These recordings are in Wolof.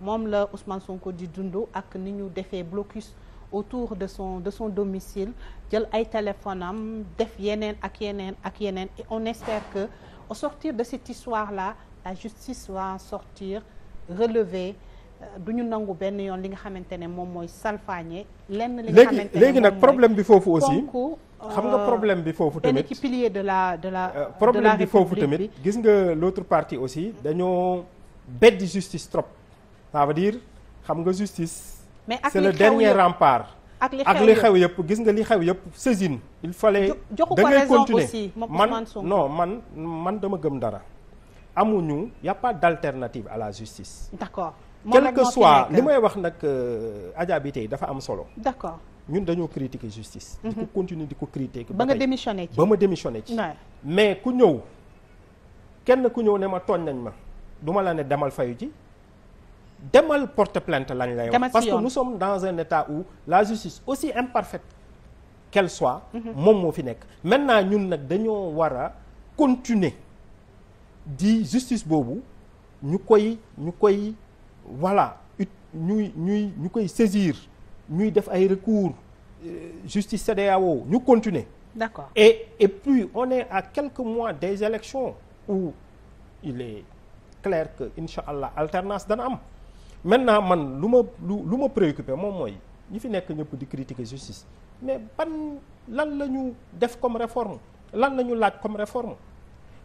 moom la Ousmane Sonko di dund ak ni ñu defee blocus autour de son de son domicile jël ay téléphone am def yeneen ak yeneen ak yeneen et on espère que sortir de cette histoire là la justice va en sortir relevée euh, du ñu nangu benn yoon li nga xamante ne moom mooy salfaañe lenn li nga xamante ne léegi nag problème bi foofu aussi euh, xam nga problème bi foofu tamit benn ci pilier de la de la euh, problème bi foofu tamit gis nga l'autre partie aussi dañoo beddi justice trop ça veut dire xam nga justice. mais ak c'est le dernier rempart. ak li xew yëpp gis nga li xew yëpp saisine. il fallait da ngay continuer man non man man dama gëm dara. amuñu y a pas d'alternative à la justice. d'accord quel que soit li may wax nag euh, ajaabite yi dafa am solo. d'accord ñun dañoo critiquer justice. di ko mhm. continuer di ko critiquer. ba nga démissionné ci ba ma démissionné ci. mais ku ñëw kenn ku ñëw ne ma tooñ nañ ma duma la ne demal fayu ci demal porte plainte lañ lay wax parce que nous sommes dans un état où la justice aussi imparfaite qu'elle soit mhm. moom moo fi nekk maintenant ñun nag dañoo war a continuer di justice boobu ñu koy ñu koy voilà ut ñuy ñuy ñu koy saisir ñuy def ay recours euh, justice CEDEAO ñu continuer d'accord et et puis on est à quelques mois des élections où il est clair que incha allah alternance dana am maintenant man lu ma lu lu ma préoccupé moom mooy ñi fi nekk ñëpp di critiquer justice mais ban lan la ñu def comme réforme lan la ñu laaj comme réforme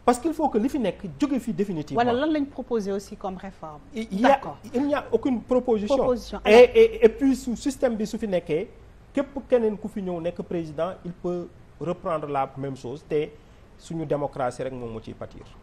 parce qu'il faut que li fi nekk jóge fi définitivement. voilà lan lañ proposé aussi comme réforme. d'accord il n'y a aucune proposition. et et et puis su système bi su fi nekkee képp keneen ku fi ñëw nekk président il peut reprendre la même chose te suñu démocratie rek moom moo ciy pâtir.